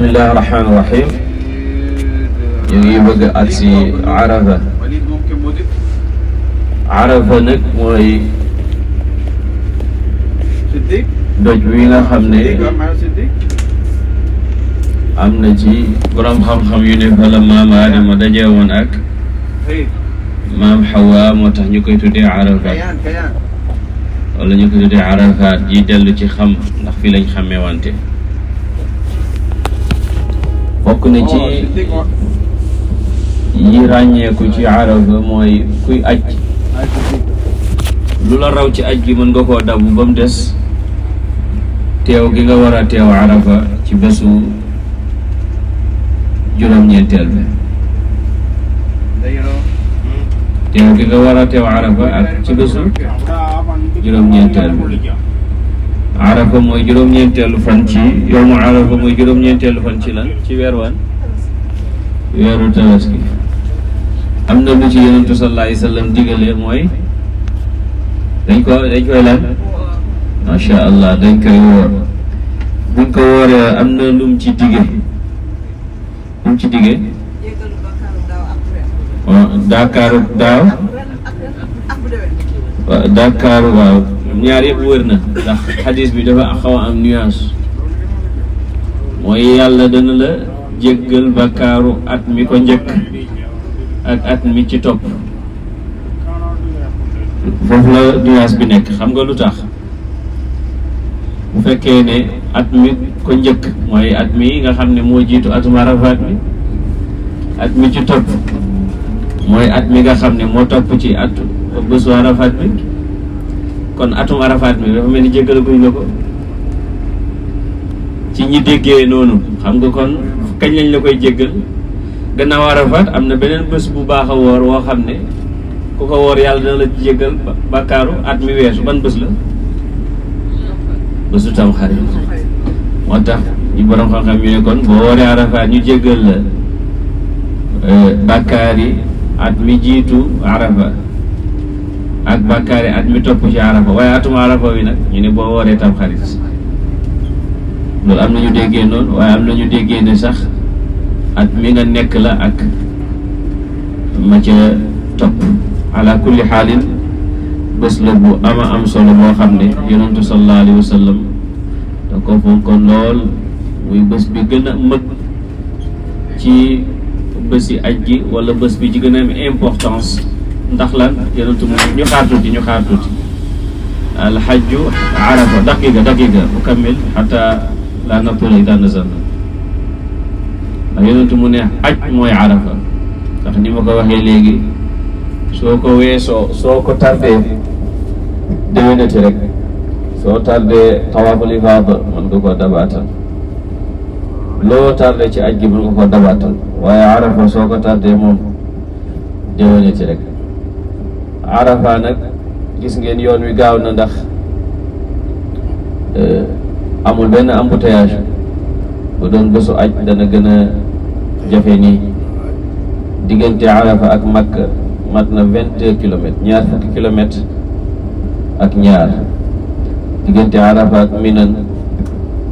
bismillahi rahmaani rahim ñu ngi bëgg ak si arafa arafa nag mooy doj wi nga xam ne am na ci borom xam-xam yu ne fa la maam Aadama dajee woon ak maam Xawa moo tax ñu koy tuddee arafaat wala ñu koy tuddee arafaat ji dellu ci xam ndax fii lañ xàmmee wante bokk na ci yi ràññeeku ci araba mooy kuy aj lu la raw ci aj gi mën nga koo dabb ba mu des teew gi nga war a teew arafa ci bésu juróom-ñeenteel bi teew gi nga war a teew arafa ak ci bésu juróom-ñeenteel bi arafa mooy juróom-ñeenteelu fan ci yowmu arafa mooy juróom-ñeenteelu fan ci lan ci weer waan weeru tabaski am na lu ci yonentu sallallahu alayhi wasallam mooy dañ ko dañ koy lan macha allah dañ koy woor buñ ko wooree am na lum ci dige lum ci dige daakaaru daaw daakaaru waaw ñaar yëpp wër na ndax xadis bi dafa xaw am nuance mooy yàlla dana la jéggal bakkaaru at mi ko njëkk ak at mi ci topp foofu la nuance bi nekk xam nga lu tax bu fekkee ne at mi ko njëkk mooy at mi nga xam ne moo jiitu atuma rafaat mi at mi ci topp mooy at mi nga xam ne moo topp ci at bésu rafaat bi kon atum arafaat mi dafa mel ni jéggalaguñ la ko ci ñi déggee noonu xam nga kon kañ lañ la koy jéggal gannaaw arafaat am na beneen bës bu baax a woor woo xam ne ku ko woor yàlla dina la jéggal bàkkaaru at mi weesu ban bës la bësu tam xarit moo tax ñu borom xam-xam ñu kon boo wooree arafaat ñu jéggal la euh, bàkkaar at mi jiitu arafa ak bàkkaari at mi topp ci arafa waaye atum arafa wi nag ñu ne boo wooree tam xarit loolu am na ñu déggee noonu ñu déggee sax at mi nga nekk la ak ma ca topp ala kulli xaalin bés la bu ama am solo boo xam ne yonentu sallallahu alayhi wa sallam da ko lool muy bés bi gën a mag ci bési aj gi walla bés bi ci gën a am importance ndax lan yonentu mu ñu xaar tuuti ñu xaar tuuti alxajju arafa daqiqa daqiqa mukammil laa nappula ida nazalna ndax yonentu mu ne aj mooy arafa ndax ni ma ko waxee léegi soo ko weesoo soo ko tardee déwénati rek soo tardee tawaaful ifaada mën nga koo dabaatal loo tardé ci aj gi mën nga dabaatal waaye arafa soo ko tardee moom déwénati rek arafa nag gis ngeen yoon wi gaaw na ndax euh, amul benn embouteillage bu doon bésu aj dana gën a jafe nii diggante arafa ak makka mat na vingt deux ñaar fukki kilomètres ak ñaar diggante arafa ak minan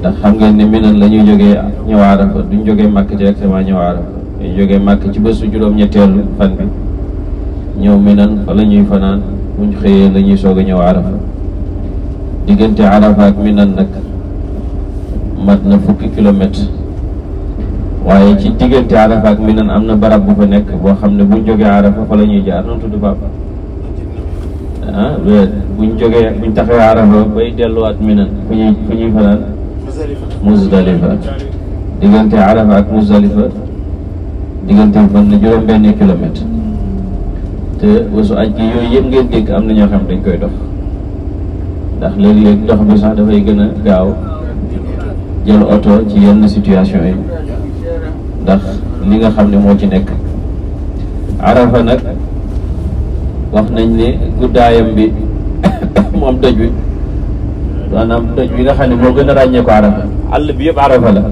ndax xam ngeen ne minan la ñuy jógee ñëw arafa duñ jógee màkk directement ñëw arafa dañuy jógee màkk ci bésu juróom-ñetteelu fan bi ñëw minan fa la ñuy fanaan buñ xëyee la ñuy soog a ñëw arafa diggante arafa ak minan nag mat na fukki kilomètre waaye ci diggante arafa ak minan am na barab bu fa nekk boo xam ne buñ jógee arafa fa la ñuy jaar noonu tudd baab ah buñ jógee buñ taxee arafa bay delluwaat minan fu ñuy fu ñuy fanaan muzdalifa diggante arafa ak muzdalifa diggante fan na juróom benn kilomètre te bésu aj gi yooyu yëpp ngeen dégg am na ñoo xam dañ koy dox ndax léeg-léeg dox bi sax dafay gën a gaaw jël oto ci yenn situation yi ndax li nga xam ne moo ci nekk arafa nag wax nañ ne guddaayam bi moom doj wi maanaam doj bi nga xam ne moo gën a ràññee ko bi yëpp arafa la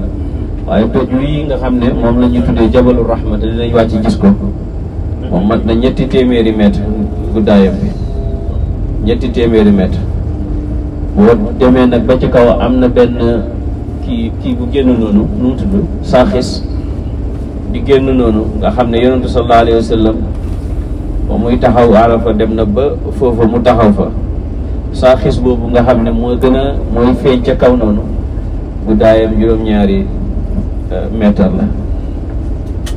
waaye doj wi nga xam ne moom la ñuy tuddee jabalu rahma te dinañ wàcc gis ko moom mat na ñetti téeméeri mètre guddaayam bi ñetti téeméeri mètre boo demee nag ba ci kaw am na benn kii kii bu génn noonu nu mu tudd saaxis di génn noonu nga xam ne yonentu sallallahu alayhi wa sallam muy taxaw arafa dem na ba foofa mu taxaw fa saaxis boobu nga xam ne moo gën a mooy feeñ ca kaw noonu guddaayam juróom-ñaari euh, metre la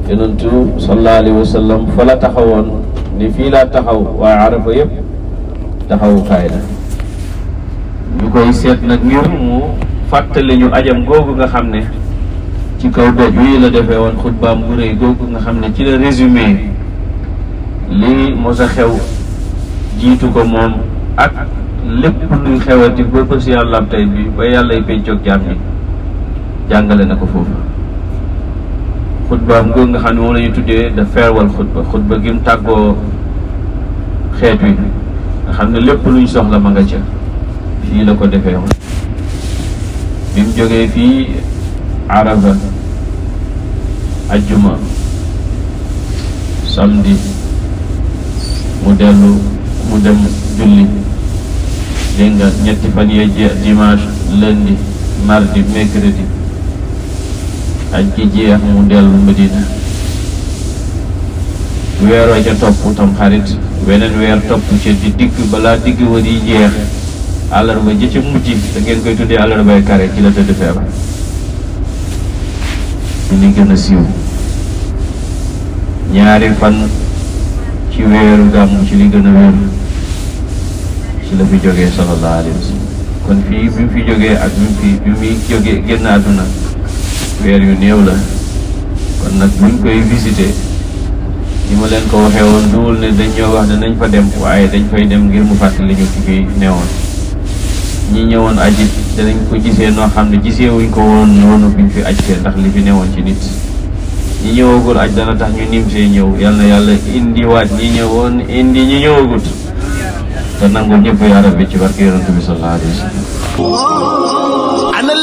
yonentu sallallahu alayhi wa sallam fa la taxawoon ni fii laa taxaw waaye arafa yëpp taxawukaay la ñu koy seet nag ngir mu fàttali ñu ajam googu nga xam ne ci kaw doj wii la defe woon xutbaam bu rëy googu nga xam ne ci la résumé li mos a xew jiitu ko moom ak lépp luy xewati ba bés yàlla am tey bi ba yàllay pencoog jaam ñi jàngale na ko foofu xutba ngoo nga xam ne moom la ñu tuddee da farewell xutba xutba gi mu tàggoo xeet wi nga xam ne lépp luñ soxla ma nga ca fii la ko defee woon bi mu jógee fii arafa ajjuma samedi mu dellu mu dem julli dégg ñetti fan yee dimanche lundi mardi mercredi aj gi jeex mu dellu Madina weer wa ca topp tam xarit weneen weer topp ca di digg balaa digg wa di jeex àllarba ji ca mujj da ngeen koy tuddee àllarbay kare ci la tëdd feebar ci li gën a siiw ñaari fan ci weer gàmm ci li gën a wér ci la fi jógee sallallahu alayhi kon fii bi fi jógee ak bi fi bi muy jógee génn àdduna weer yu néew la kon nag ngi koy visité li ma leen ko waxee woon duwul ne dañ ñoo wax ne nañ fa dem waaye dañ fay dem ngir mu fàttali ñu ki fi newoon ñi ñëwoon aji danañ ko gisee noo xam ne gisee wuñ ko woon fi ajtee ndax li fi ci nit ñi ñëwagul aj dana tax ñu nim see ñëw yàlla na yàlla indiwaat ñi ñëwoon indi ñi ñëwagut te nangu ñëpp yaa rabbi ci barke yonent bi sallallahu alayhi wa